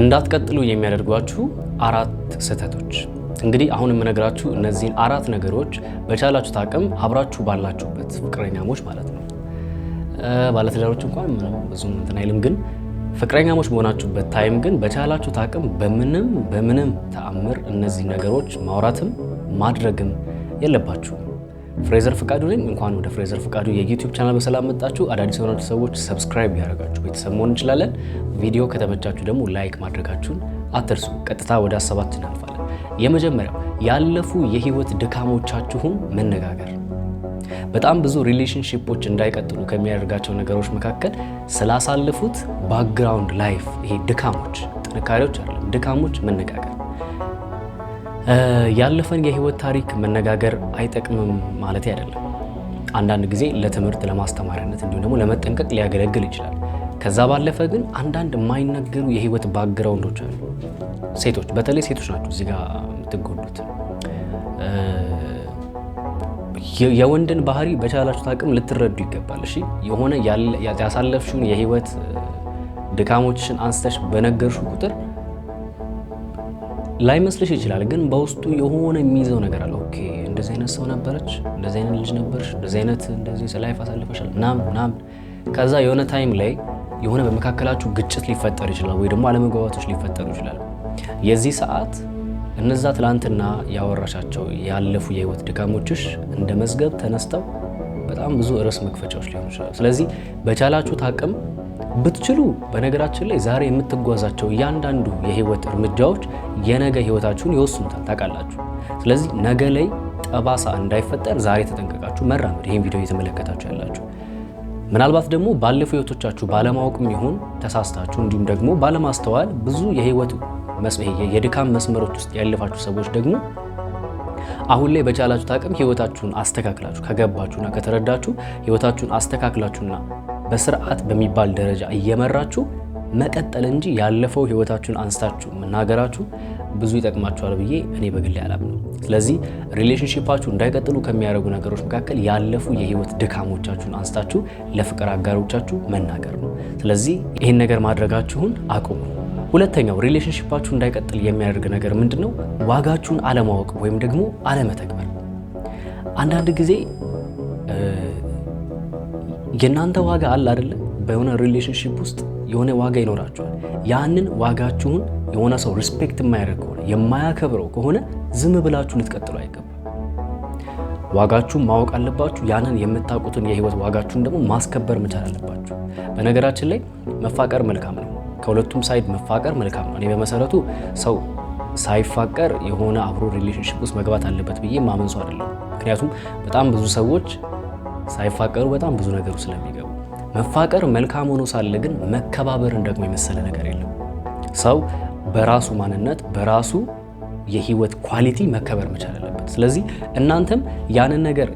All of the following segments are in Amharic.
እንዳትቀጥሉ የሚያደርጓችሁ አራት ስህተቶች። እንግዲህ አሁን የምነግራችሁ እነዚህን አራት ነገሮች በቻላችሁት አቅም አብራችሁ ባላችሁበት ፍቅረኛሞች ማለት ነው፣ ባለትዳሮች እንኳን ብዙም እንትን አይልም፣ ግን ፍቅረኛሞች በሆናችሁበት ታይም ግን በቻላችሁት አቅም በምንም በምንም ተአምር እነዚህ ነገሮች ማውራትም ማድረግም የለባችሁ። ፍሬዘር ፍቃዱ ነኝ። እንኳን ወደ ፍሬዘር ፍቃዱ የዩቲዩብ ቻናል በሰላም መጣችሁ። አዳዲስ የሆናችሁ ሰዎች ሰብስክራይብ ያደርጋችሁ ቤተሰብ መሆን እንችላለን። ቪዲዮ ከተመቻችሁ ደግሞ ላይክ ማድረጋችሁን አትርሱ። ቀጥታ ወደ ሀሳባችን እናልፋለን። የመጀመሪያው ያለፉ የህይወት ድካሞቻችሁን መነጋገር። በጣም ብዙ ሪሌሽንሺፖች እንዳይቀጥሉ ከሚያደርጋቸው ነገሮች መካከል ስላሳለፉት ባክግራውንድ ላይፍ፣ ይሄ ድካሞች፣ ጥንካሬዎች አይደለም ድካሞች መነጋገር ያለፈን የህይወት ታሪክ መነጋገር አይጠቅምም ማለት አይደለም። አንዳንድ ጊዜ ለትምህርት ለማስተማርነት እንዲሁም ደግሞ ለመጠንቀቅ ሊያገለግል ይችላል። ከዛ ባለፈ ግን አንዳንድ የማይነገሩ የህይወት ባክግራውንዶች አሉ። ሴቶች በተለይ ሴቶች ናቸው እዚህ ጋር የምትጎዱት። የወንድን ባህሪ በቻላችሁት አቅም ልትረዱ ይገባል። እሺ የሆነ ያሳለፍሽውን የህይወት ድካሞችን አንስተሽ በነገርሹ ቁጥር ላይመስልሽ ይችላል፣ ግን በውስጡ የሆነ የሚይዘው ነገር አለ። ኦኬ እንደዚህ አይነት ሰው ነበረች፣ እንደዚህ አይነት ልጅ ነበረች፣ እንደዚህ አይነት እንደዚህ ላይፍ አሳልፈሻል ምናምን ምናምን። ከዛ የሆነ ታይም ላይ የሆነ በመካከላችሁ ግጭት ሊፈጠር ይችላል፣ ወይ ደግሞ አለመግባባቶች ሊፈጠሩ ይችላል። የዚህ ሰዓት እነዛ ትላንትና ያወራሻቸው ያለፉ የህይወት ድካሞችሽ እንደ መዝገብ ተነስተው በጣም ብዙ ርዕስ መክፈቻዎች ሊሆኑ ይችላሉ። ስለዚህ በቻላችሁት አቅም ብትችሉ በነገራችን ላይ ዛሬ የምትጓዛቸው እያንዳንዱ የህይወት እርምጃዎች የነገ ህይወታችሁን ይወስኑታል፣ ታውቃላችሁ። ስለዚህ ነገ ላይ ጠባሳ እንዳይፈጠር ዛሬ ተጠንቀቃችሁ መራመድ። ይህን ቪዲዮ እየተመለከታችሁ ያላችሁ ምናልባት ደግሞ ባለፉ ህይወቶቻችሁ ባለማወቅም ይሁን ተሳስታችሁ፣ እንዲሁም ደግሞ ባለማስተዋል ብዙ የህይወት የድካም መስመሮች ውስጥ ያለፋችሁ ሰዎች ደግሞ አሁን ላይ በቻላችሁት አቅም ህይወታችሁን አስተካክላችሁ ከገባችሁና ከተረዳችሁ ህይወታችሁን አስተካክላችሁና በስርዓት በሚባል ደረጃ እየመራችሁ መቀጠል እንጂ ያለፈው ህይወታችሁን አንስታችሁ መናገራችሁ ብዙ ይጠቅማችኋል ብዬ እኔ በግሌ አላምነው። ስለዚህ ሪሌሽንሽፓችሁ እንዳይቀጥሉ ከሚያደርጉ ነገሮች መካከል ያለፉ የህይወት ድካሞቻችሁን አንስታችሁ ለፍቅር አጋሮቻችሁ መናገር ነው። ስለዚህ ይህን ነገር ማድረጋችሁን አቁሙ። ሁለተኛው ሪሌሽንሽፓችሁ እንዳይቀጥል የሚያደርግ ነገር ምንድን ነው? ዋጋችሁን አለማወቅ ወይም ደግሞ አለመተግበር አንዳንድ ጊዜ የእናንተ ዋጋ አለ አይደለ? በሆነ ሪሌሽንሽፕ ውስጥ የሆነ ዋጋ ይኖራቸዋል። ያንን ዋጋችሁን የሆነ ሰው ሪስፔክት የማያደርግ ከሆነ የማያከብረው ከሆነ ዝም ብላችሁ ልትቀጥሉ አይገባም። ዋጋችሁን ማወቅ አለባችሁ። ያንን የምታውቁትን የህይወት ዋጋችሁን ደግሞ ማስከበር መቻል አለባችሁ። በነገራችን ላይ መፋቀር መልካም ነው። ከሁለቱም ሳይድ መፋቀር መልካም ነው። እኔ በመሰረቱ ሰው ሳይፋቀር የሆነ አብሮ ሪሌሽንሽፕ ውስጥ መግባት አለበት ብዬ ማመንሱ አይደለም። ምክንያቱም በጣም ብዙ ሰዎች ሳይፋቀሩ በጣም ብዙ ነገር ስለሚገቡ መፋቀር መልካም ሆኖ ሳለ ግን መከባበርን ደግሞ የመሰለ ነገር የለም። ሰው በራሱ ማንነት በራሱ የህይወት ኳሊቲ መከበር መቻል አለበት። ስለዚህ እናንተም ያንን ነገር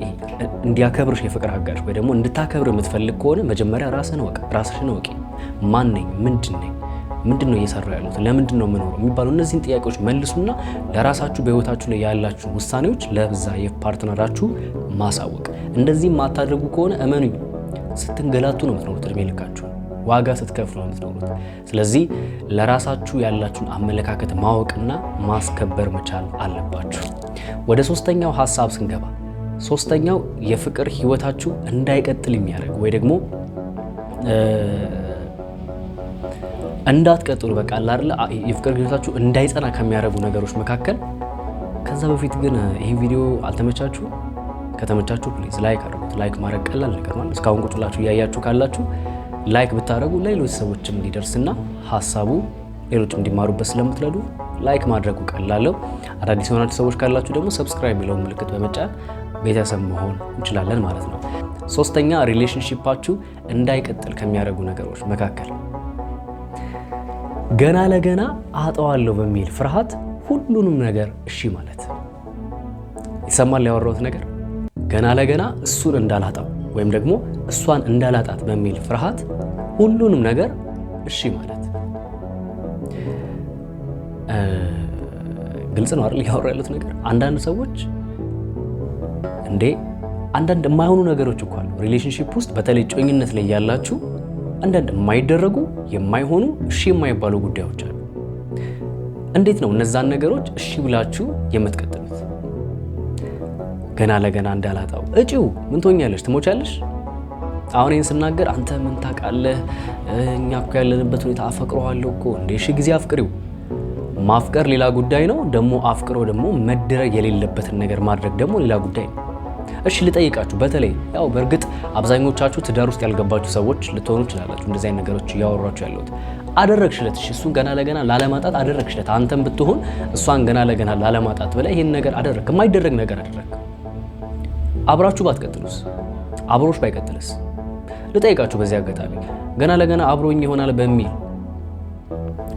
እንዲያከብርሽ የፍቅር አጋርሽ ወይ ደግሞ እንድታከብር የምትፈልግ ከሆነ መጀመሪያ ራስን ወቅ ራስሽን ወቂ። ማን ነኝ? ምንድን ነኝ? ምንድን ነው እየሰራው ያሉት፣ ለምንድን ነው የምኖረው የሚባለው እነዚህን ጥያቄዎች መልሱና ለራሳችሁ በህይወታችሁ ላይ ያላችሁ ውሳኔዎች ለብዛ የፓርትነራችሁ ማሳወቅ። እንደዚህ የማታደርጉ ከሆነ እመኑኝ ስትንገላቱ ነው የምትኖሩት፣ እድሜ ልካችሁ ዋጋ ስትከፍሉ ነው የምትኖሩት። ስለዚህ ለራሳችሁ ያላችሁን አመለካከት ማወቅና ማስከበር መቻል አለባችሁ። ወደ ሶስተኛው ሀሳብ ስንገባ ሶስተኛው የፍቅር ህይወታችሁ እንዳይቀጥል የሚያደርግ ወይ ደግሞ እንዳትቀጥሉ በቃ አለ የፍቅር ግንኙነታችሁ እንዳይጸና ከሚያደርጉ ነገሮች መካከል። ከዛ በፊት ግን ይሄ ቪዲዮ አልተመቻችሁ? ከተመቻችሁ ፕሊዝ ላይክ አድርጉት። ላይክ ማድረግ ቀላል ነገር ማለት እስካሁን ቁጭ ብላችሁ እያያችሁ ካላችሁ ላይክ ብታደርጉ ለሌሎች ሰዎችም እንዲደርስና ሀሳቡ ሌሎች እንዲማሩበት ስለምትረዱ ላይክ ማድረጉ ቀላለው። አዳዲስ የሆናችሁ ሰዎች ካላችሁ ደግሞ ሰብስክራይብ የሚለውን ምልክት በመጫን ቤተሰብ መሆን እንችላለን ማለት ነው። ሶስተኛ ሪሌሽንሺፓችሁ እንዳይቀጥል ከሚያደርጉ ነገሮች መካከል ገና ለገና አጠዋለሁ በሚል ፍርሃት ሁሉንም ነገር እሺ ማለት ይሰማል። ያወራሁት ነገር ገና ለገና እሱን እንዳላጣው ወይም ደግሞ እሷን እንዳላጣት በሚል ፍርሃት ሁሉንም ነገር እሺ ማለት ግልጽ ነው አይደል? ያወራ ያሉት ነገር አንዳንድ ሰዎች እንዴ አንዳንድ የማይሆኑ ነገሮች እኮ አሉ ሪሌሽንሺፕ ውስጥ በተለይ ጮኝነት ላይ ያላችሁ አንዳንድ የማይደረጉ የማይሆኑ እሺ የማይባሉ ጉዳዮች አሉ። እንዴት ነው እነዛን ነገሮች እሺ ብላችሁ የምትቀጥሉት? ገና ለገና እንዳላጣው እጪው ምን ትሆኛለሽ? ትሞቻለሽ። አሁን ይህን ስናገር አንተ ምን ታውቃለህ፣ እኛ እኮ ያለንበት ሁኔታ አፈቅረዋለሁ እኮ እንደ እሺ ጊዜ አፍቅሪው። ማፍቀር ሌላ ጉዳይ ነው። ደግሞ አፍቅሮ ደግሞ መደረግ የሌለበትን ነገር ማድረግ ደግሞ ሌላ ጉዳይ ነው። እሺ ልጠይቃችሁ፣ በተለይ ያው በእርግጥ አብዛኞቻችሁ ትዳር ውስጥ ያልገባችሁ ሰዎች ልትሆኑ ትችላላችሁ። እንደዚህ አይነት ነገሮች እያወሯችሁ ያለሁት አደረግሽለት፣ እሺ እሱን ገና ለገና ላለማጣት አደረግሽለት። አንተም ብትሆን እሷን ገና ለገና ላለማጣት ብለህ ይህን ነገር አደረግ፣ የማይደረግ ነገር አደረግ። አብራችሁ ባትቀጥሉስ? አብሮች ባይቀጥልስ? ልጠይቃችሁ በዚህ አጋጣሚ ገና ለገና አብሮኝ ይሆናል በሚል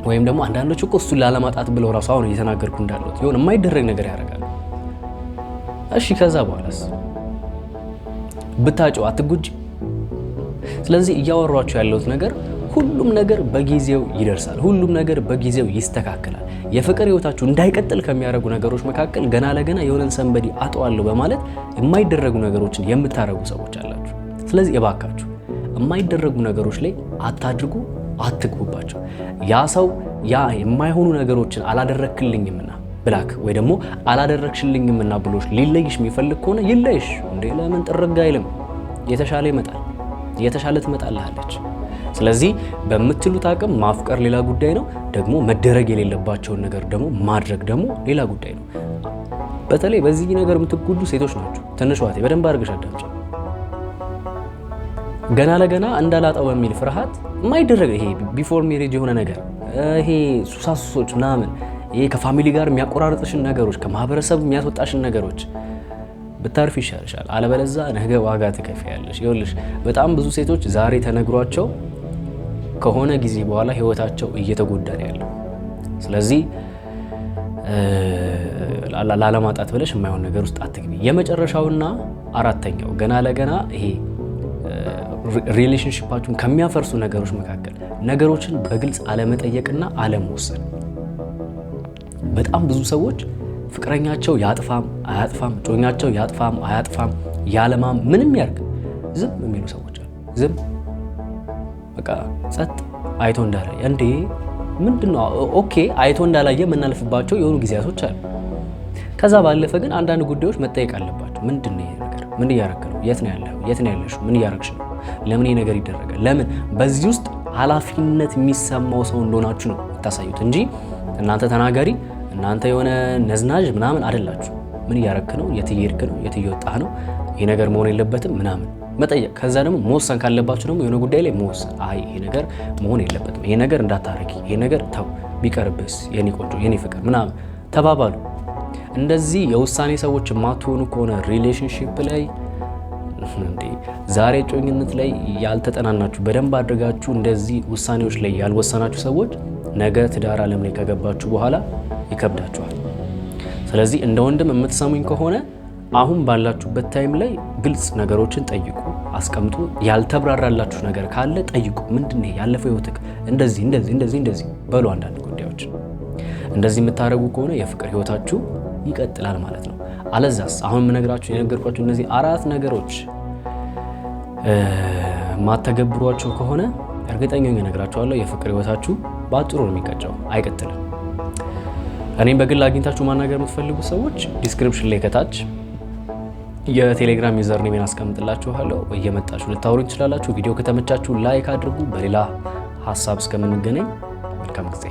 ወይም ደግሞ አንዳንዶች እኮ እሱን ላለማጣት ብለው ራሱ አሁን እየተናገርኩ እንዳለት የሆነ የማይደረግ ነገር ያደርጋል። እሺ ከዛ በኋላስ ብታጭው አትጉጂ ስለዚህ እያወሯቸው ያለሁት ነገር ሁሉም ነገር በጊዜው ይደርሳል። ሁሉም ነገር በጊዜው ይስተካከላል። የፍቅር ህይወታችሁ እንዳይቀጥል ከሚያደርጉ ነገሮች መካከል ገና ለገና የሆነን ሰንበዲ አጠዋለሁ በማለት የማይደረጉ ነገሮችን የምታደርጉ ሰዎች አላችሁ። ስለዚህ እባካችሁ የማይደረጉ ነገሮች ላይ አታድርጉ፣ አትግቡባቸው። ያ ሰው ያ የማይሆኑ ነገሮችን አላደረክልኝምና ብላክ ወይ ደግሞ አላደረግሽልኝም እና ብሎሽ ሊለይሽ የሚፈልግ ከሆነ ይለይሽ። እንዴ ለምን ጥርግ አይልም? የተሻለ ይመጣል፣ የተሻለ ትመጣልሃለች። ስለዚህ በምትሉት አቅም ማፍቀር ሌላ ጉዳይ ነው። ደግሞ መደረግ የሌለባቸውን ነገር ደግሞ ማድረግ ደግሞ ሌላ ጉዳይ ነው። በተለይ በዚህ ነገር የምትጎዱ ሴቶች ናቸው። ትንሽ ዋቴ በደንብ አድርገሽ አዳምጪ። ገና ለገና እንዳላጣው በሚል ፍርሃት የማይደረግ ይሄ ቢፎር ሜሬጅ የሆነ ነገር ይሄ ሱሳሱሶች ምናምን ይሄ ከፋሚሊ ጋር የሚያቆራርጥሽን ነገሮች፣ ከማህበረሰብ የሚያስወጣሽን ነገሮች ብታርፍ ይሻልሻል። አለበለዛ ነገ ዋጋ ትከፍያለሽ። ይኸውልሽ በጣም ብዙ ሴቶች ዛሬ ተነግሯቸው ከሆነ ጊዜ በኋላ ህይወታቸው እየተጎዳ ነው ያለው። ስለዚህ ላለማጣት ብለሽ የማይሆን ነገር ውስጥ አትግቢ። የመጨረሻውና አራተኛው ገና ለገና ይሄ ሪሌሽንሽፓችሁን ከሚያፈርሱ ነገሮች መካከል ነገሮችን በግልጽ አለመጠየቅና አለመወሰን በጣም ብዙ ሰዎች ፍቅረኛቸው ያጥፋም አያጥፋም፣ እጮኛቸው ያጥፋም አያጥፋም፣ ያለማም ምንም ያርግ ዝም የሚሉ ሰዎች አሉ። ዝም በቃ ጸጥ አይቶ እንዳላየ እንዴ ምንድነው? ኦኬ፣ አይቶ እንዳላየ የምናልፍባቸው የሆኑ ጊዜያቶች አሉ። ከዛ ባለፈ ግን አንዳንድ ጉዳዮች መጠየቅ አለባቸው። ምንድን ነው ይሄ ነገር? ምን እያረክ ነው? የት ነው ያለው? የት ነው ያለሽ? ምን እያረግሽ ነው? ለምን ይሄ ነገር ይደረጋል? ለምን በዚህ ውስጥ ኃላፊነት የሚሰማው ሰው እንደሆናችሁ ነው የምታሳዩት እንጂ እናንተ ተናጋሪ እናንተ የሆነ ነዝናዥ ምናምን አደላችሁ። ምን እያረክ ነው? የትየርክ ነው? የትየወጣህ ነው? ይህ ነገር መሆን የለበትም ምናምን መጠየቅ። ከዛ ደግሞ መወሰን ካለባችሁ ደግሞ የሆነ ጉዳይ ላይ መወሰን፣ አይ ይሄ ነገር መሆን የለበትም፣ ይሄ ነገር እንዳታረጊ፣ ይሄ ነገር ተው፣ ቢቀርብስ፣ የኔ ቆንጆ፣ የኔ ፍቅር ምናምን ተባባሉ። እንደዚህ የውሳኔ ሰዎች የማትሆኑ ከሆነ ሪሌሽንሽፕ ላይ ዛሬ ጮኝነት ላይ ያልተጠናናችሁ በደንብ አድርጋችሁ እንደዚህ ውሳኔዎች ላይ ያልወሰናችሁ ሰዎች ነገ ትዳር ዓለም ላይ ከገባችሁ በኋላ ይከብዳችኋል። ስለዚህ እንደ ወንድም የምትሰሙኝ ከሆነ አሁን ባላችሁበት ታይም ላይ ግልጽ ነገሮችን ጠይቁ፣ አስቀምጡ። ያልተብራራላችሁ ነገር ካለ ጠይቁ። ምንድን ያለፈው ህይወትህ እንደዚህ እንደዚህ እንደዚህ እንደዚህ በሉ። አንዳንድ ጉዳዮች እንደዚህ የምታደርጉ ከሆነ የፍቅር ህይወታችሁ ይቀጥላል ማለት ነው። አለዛስ አሁን የምነግራችሁ የነገርኳችሁ እነዚህ አራት ነገሮች ማተገብሯቸው ከሆነ እርግጠኛ ነግራችኋለሁ የፍቅር ህይወታችሁ በአጭሩ ነው የሚቀጨው፣ አይቀጥልም። እኔም በግል አግኝታችሁ ማናገር የምትፈልጉ ሰዎች ዲስክሪፕሽን ላይ ከታች የቴሌግራም ዩዘር ኔሜን አስቀምጥላችኋለሁ። እየመጣችሁ ልታወሩኝ ትችላላችሁ። ቪዲዮ ከተመቻችሁ ላይክ አድርጉ። በሌላ ሀሳብ እስከምንገናኝ መልካም ጊዜ